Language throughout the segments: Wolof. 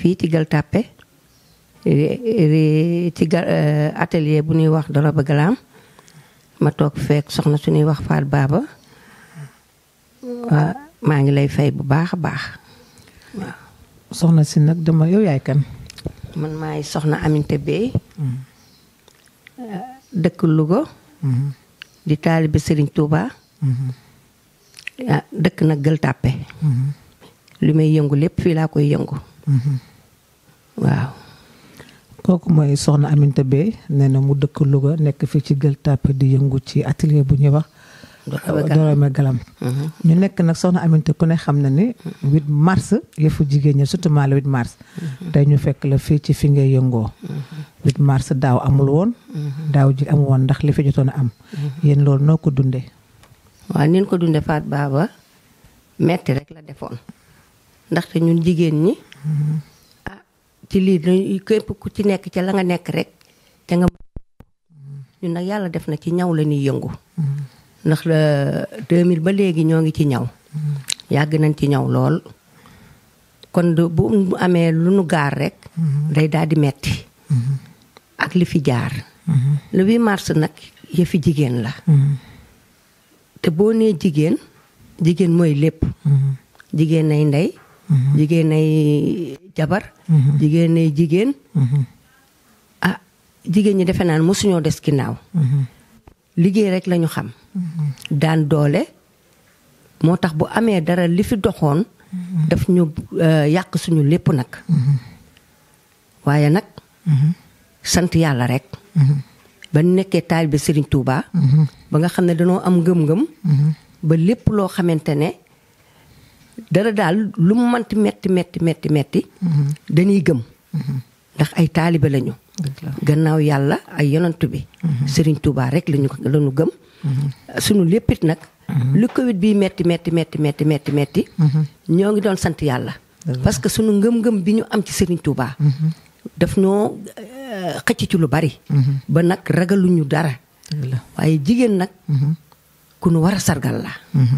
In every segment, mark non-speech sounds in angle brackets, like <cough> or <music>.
fii ci Gueule Tapée ci euh, atelier bu ñuy wax Doroba Galaam ma toog fekk soxna su ñuy wax Faat Baaba maa ngi lay fay bu baax a baax soxna si nag dama yow yaay kan. man maay soxna Aminta Bey mm-hmm. euh, dëkk Louga. Mm-hmm. di taalibe Serigne Touba. Mm-hmm. Ah, dëkk nag Gueule Tapée. li may yëngu lépp fii laa koy yëngu. waaw. kooku mooy soxna Aminta Bey nee na mu dëkk Louga nekk fii ci Gueule Tapée di yëngu ci atelier bu ñuy wax. Dorome Galam mhm. ñu nekk nag soxna aminte ku ne xam na ni. wit mars yëfu jigéen ñi surtout le 8 mars. Mhm. tey ñu fekk la fii ci fi ngay yëngoo. 8 mhm. mars daaw amul woon. daaw ji amul woon ndax li fi jotoon am. yéen lool noo ko dundee. waaw nin ko dundee Faat Baba metti rek la defoon ndaxte ñun jigéen ñi. ci lii dañuy képp ku ci nekk ca la nga nekk rek te nga. ñun nag yàlla def na ci ñaw lañuy yëngu. ndax la 2000 ba léegi ñoo ngi ci ñaw. yàgg nañ ci ñaw lool. kon bu amee lu nu gaar rek. day daal metti ak li fi jaar. le 8 mars nag yëfi jigéen la. te boo nee jigéen jigéen mooy lépp. jigéen nay ndey Mm-hmm. Mm-hmm. jigéen ay jabar jigéen ay jigéen ah jigéen ñi defe naan mosuñoo des ginnaaw mm-hmm. liggéey rek lañu xam daan doole moo tax bu amee dara li fi doxoon daf ñu euh, yàq suñu lépp nag waaye nag sant yàlla rek ba nekkee taalibe Serigne Touba. ba nga xam ne danoo am ngëm-ngëm ba lépp loo xamante ne dara daal lu mu manti metti metti metti metti mm-hmm. dañuy gëm mm-hmm. ndax ay taalibe lañu gannaaw yàlla ay yonantu bi mm-hmm. sëriñ Touba rek lañu lañu gëm sunu léppit nag lu Covid bii metti metti metti metti metti ñoo ngi doon sant yàlla parce que sunu ngëm-ngëm bi ñu am ci sëriñ Touba daf ñoo euh, xëcc ci lu bari ba nag ragaluñu dara waaye jigéen nag ku nu war sargal la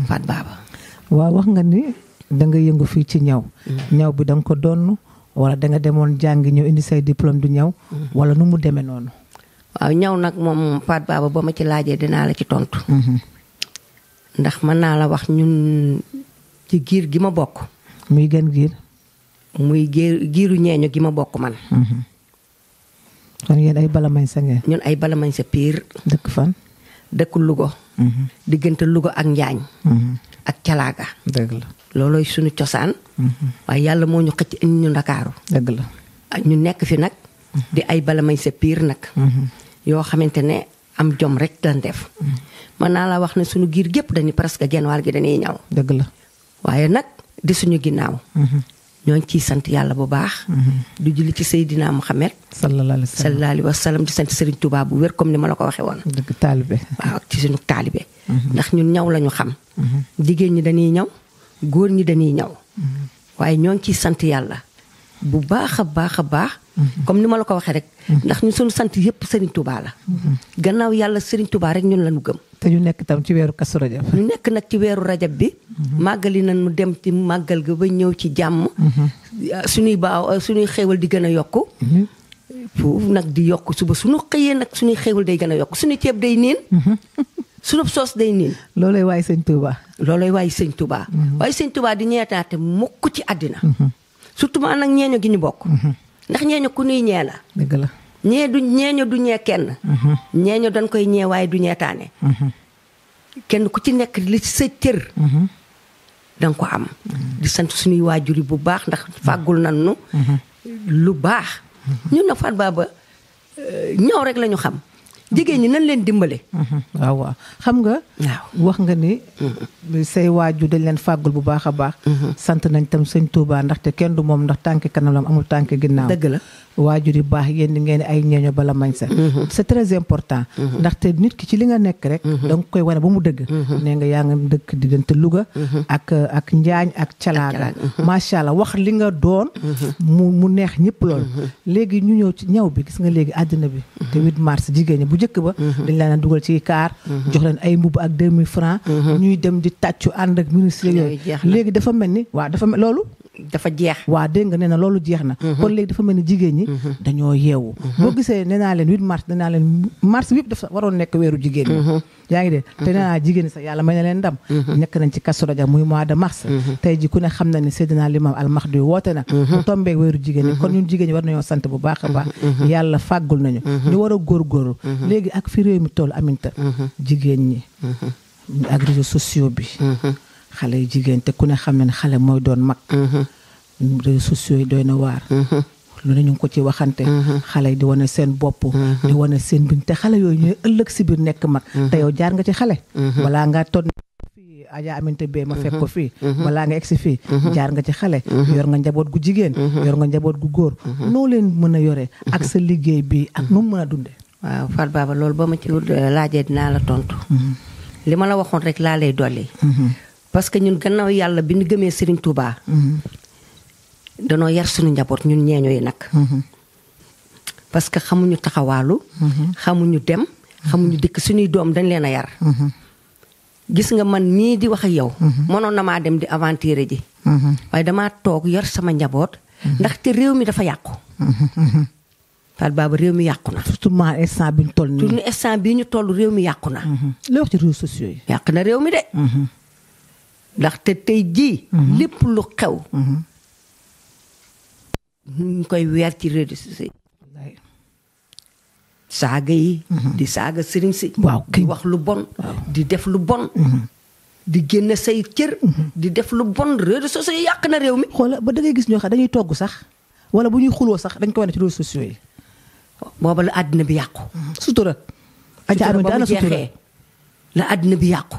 faat baaba waaw wax nga ni da nga yëngu fii ci ñaw mm-hmm. ñaw bi da nga ko donn wala danga nga demoon jàngi ñëw indi say diplôme du ñaw mm-hmm. wala nu mu demee noonu waaw ñaw nag moom Faat Baba ba ma ci laajee dinaa la ci tontu mm-hmm. ndax mën naa la wax ñun ci giir gi ma bokk muy gën giir muy giir giiru ñeeño gi ma bokk man kon yéen ay bala mañ sa ngeen ñun ay bala mañ sa piir dëkk fan dëkk Louga diggante Louga ak Njaañ ak calaaga. dëgg la loolooy suñu cosaan. Mhm. waaye yàlla moo ñu xëcc indi ñu ndakaaru. dëgg la ah, ñu nekk fi nag. di ay bala may sa piir nag. Mhm. yoo xamante ne am jom rek lañ def. Mhm. mën naa la wax ne suñu giir gépp dañuy presque genn wàll gi dañuy ñaw. dëgg la waaye nag di suñu ginnaaw. ñoo ngi ciy sant yàlla bu baax. Mhm. du julli ci Seydina Mohamed. sallallahu alayhi wa sallam di sant Serigne Touba bu wér comme ni ma la ko waxee woon. dëgg taalibe. waaw ci suñu taalibe. Mhm. ndax ñun ñaw la ñu xam. Mhm. jigéen ñi dañuy ñaw góor ñi dañuy ñaw. waaye ñoo ngi ciy sant yàlla. bu baax a baax a baax. comme ni ma la ko waxee rek. ndax ñun suñu sant yëpp Serigne Touba la. gannaaw yàlla Serigne Touba rek ñun la ñu gëm. te ñu nekk tam ci weeru kasu rajab ñu nekk nag ci weeru rajab bi mm-hmm. màggali na mu dem ci màggal gi ba ñëw ci jàmm mm-hmm. suñuy baaw euh, suñuy xéewal di gën a yokk mm-hmm. nag di yokk suba suñu xëyee nag suñuy xéewal day gën a yokk suñu ceeb day niin <laughs> suñu soos day niin loolay waaye sëñ Touba loolay waaye sëñ Touba waaye sëñ Touba di ñeetaate mukk ci àddina surtout ma nag ñeeño gi ñu bokk ndax ñeeño ku nuy ñee la ñee du ñeeño du ñee kenn mhm. ñeeño dañ koy ñee waaye du ñeetaane mhm. kenn ku ci nekk li ci sa cër mhm. danga ko am di sant suñuy waajur yi bu baax ndax fàggul nan nu lu baax ñun nag Fatou Baba euh, ñëw rek lañu xam jigéen ñi nan leen dimbale waaw waaw xam nga waaw wax nga ni say waajur dañ leen fàggul bu baax a baax sant nañ tam sëñ Touba ndaxte kenn du moom ndax tànk kanam amul tànk ginnaaw dëgg la waajur yu baax yéen ngeen ay ñeeño bala mañ sa mm-hmm. c'est très important mm-hmm. ndaxte nit ki ci li nga nekk rek mm-hmm. da koy wane ba mu dëgg nee nga yaa nga dëkk diggante Louga ak ak Njaañ ak Calaaga macha allah wax li nga doon mu mu neex ñëpp loolu léegi ñu ñëw ci ñaw bi gis nga léegi àddina bi te 8 mars jigéen ñi bu njëkk ba dañ laa naan dugal ci kaar jox leen ay mbubb ak 2000 francs ñuy dem di tàccu ànd ak ministre yooyu léegi dafa mel ni waa dafa mel loolu dafa jeex waaw dégg nga nee na loolu jeex na mhm. kon léegi dafa mel ni jigéen ñi mhm. dañoo yeewu mhm. boo gisee nee naa leen 8 mars nee naa leen mars yëpp dafa waroon nekk weeru jigéen ñi yaa ngi dégg te nee jigéen ñi sax yàlla may na leen ndam nekk nañ ci Kazu Rajab muy mois de mars tey ji ku ne xam na ni Seydina Limam Almahdi woote na mu tombee weeru jigéen ñi kon ñun jigéen ñi war nañoo sant bu baax a baax yàlla fàggul nañu ñu war a góorgóorlu léegi ak fi réew bi xale yu jigéen te ku ne xam ne xale mooy doon mag. Mm-hmm. réseaux sociaux yi doy na waar. Mm-hmm. lu ne ñu ko ci waxante. Mm-hmm. xale yi di wane seen bopp. di wane seen bind te xale yooyu ñooy ëllëg si biir nekk mag. te yow jaar nga ci xale. wala nga ton fii Adja Aminta bee ma fekk ko fii. wala nga egsi fii. ci xale. yor nga njaboot gu jigéen. yor nga njaboot gu góor. noo leen mën a yore. ak sa liggéey bi ak nu mu mën a dundee. waaw Fat Baba loolu ba ma ci laajee dinaa la tontu. li ma la waxoon rek laa lay dolli. parce que ñun gannaaw yàlla bi nu gëmee Serigne Touba. Mhm. danoo yar suñu njaboot ñun ñeeño yi nag. Mhm. parce que xamuñu taxawaalu. Mhm. xamuñu dem xamuñu dikk suñuy doom dañ leen a yar. gis nga man mii di wax yow. mënoon na maa dem di aventure ji. waaye damaa toog yar sama njaboot. ndaxte réew mi dafa yàqu. Fatou Baba réew mi yàqu na. surtout maa instant bi ñu toll nii. réew mi yàqu na. lay wax ci réseaux sociaux yàq na réew mi de. ndaxte tey jii. Mhm. lépp lu xew. Mhm. ngi koy weer ci réseaux sociaux yi. saaga yi. Mhm. di saaga sëriñ si. waaw di wax lu bon. di def lu bon. di génne say cër. di def lu bon réseaux sociaux yi na réew mi. xoola ba da gis ñoo xam dañuy togg sax wala bu ñuy xuloo sax dañ ko wane ci réseaux sociaux booba la àddina bi yàqu. sutura. la àddina bi yàqu.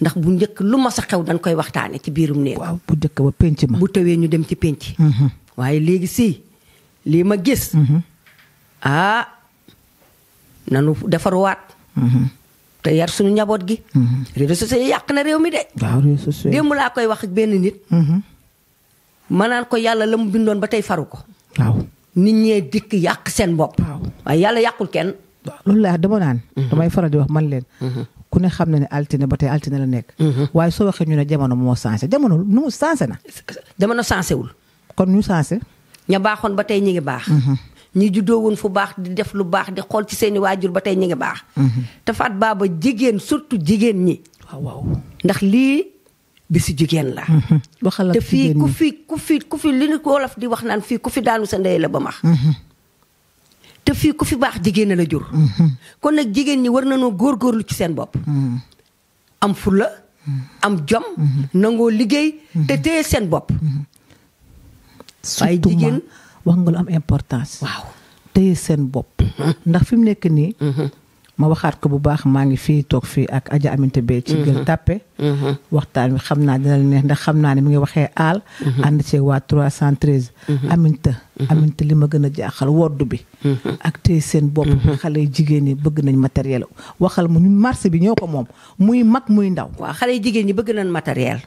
ndax bu njëkk lu ma sa xew dañ koy waxtaane ci biirum néeg waaw bu njëkk ba penc ma bu tawee ñu dem ci penc mm-hmm. waaye léegi si lii ma gis mm-hmm. ah nanu defaruwaat mm-hmm. te yar suñu njaboot gi réseaux sociaux yàq na réew mi de waaw réseaux laa koy wax ak benn nit manaan ko yàlla la mu bindoon ba tey faru ko waaw nit ñee dikk yàq seen bopp waaye yàlla yàqul kenn loolu laa dama naan damay faral di wax man leen ku ne xam na ne altine ba tey altine la nekk. Mhm. waaye soo waxee ñu ne jamono moo sensé jamono nu sensé na. jamono sensé wul. kon ñu sensé. ña baaxoon ba tey ñi ngi baax. Mhm. ñi juddoo woon fu baax di def lu baax di xool ci seeni waajur ba tey ñi ngi baax. Mhm. te faat baaba jigéen surtout jigéen ñi. waaw waaw ndax lii bisu jigéen la. waxal te fii ku fi ku fi ku fi li ñu wolof di wax naan fii ku fi daanu sa ndey la ba max. te fii ku fi baax jigéen la jur. kon nag jigéen ñi war nañoo góorlu ci seen bopp. am fulla am jom. nangoo liggéey. te téye seen bopp. waaye jigéen wax nga lu am importance. waaw seen bopp. Mm-hmm. ndax fi mu nekk nii. Mm-hmm. ma waxaat ko bu baax maa ngi fii toog fii ak Adja Aminata Bey ci Gueule mhm. Tapée mhm. waxtaan bi xam naa dina neex ndax xam naa ne mu ngi waxee aal mhm. ànd ci waa 313 Aminata Aminata li ma gën a jaaxal wodd bi ak tey seen bopp xale jigéen ñi bëgg nañ matériel waxal mu ñun marché bi ñoo ko moom muy mag muy ndaw waaw xale jigéen ñi bëgg nañ matériel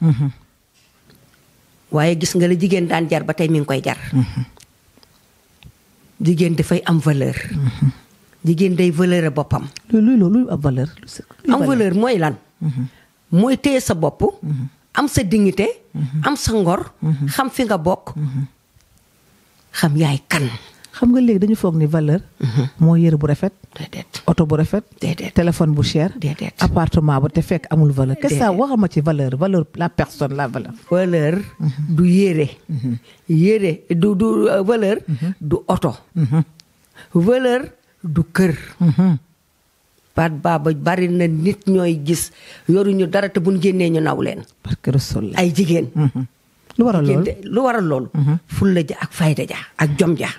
waaye gis nga la jigéen daan jar ba tey mi ngi koy jar jigéen dafay am valeur jigéen day valeur boppam. luy loolu ab valeur. am valeur mooy lan. Mhm. mooy téye sa bopp. Mhm. am sa dignité. Mhm. am sa ngor. xam fi nga bokk. xam yaay kan. xam nga léegi dañu foog ni valeur. moo yëre bu rafet. oto bu rafet. déedéet téléphone bu cher. déedéet appartement bu te fekk amul valeur. déedéet quest waxama ci valeur valeur la la valeur. valeur du yére yére du du euh, valeur. du oto. valeur. du kër mm-hmm. baat baaba bari na nit ñooy gis yoruñu dara te buñ génnee ñu naw leen ay jigéen mm-hmm. lu waral loolu lu waral loolu mm-hmm. fulla ja ak fayda ja ak jom ja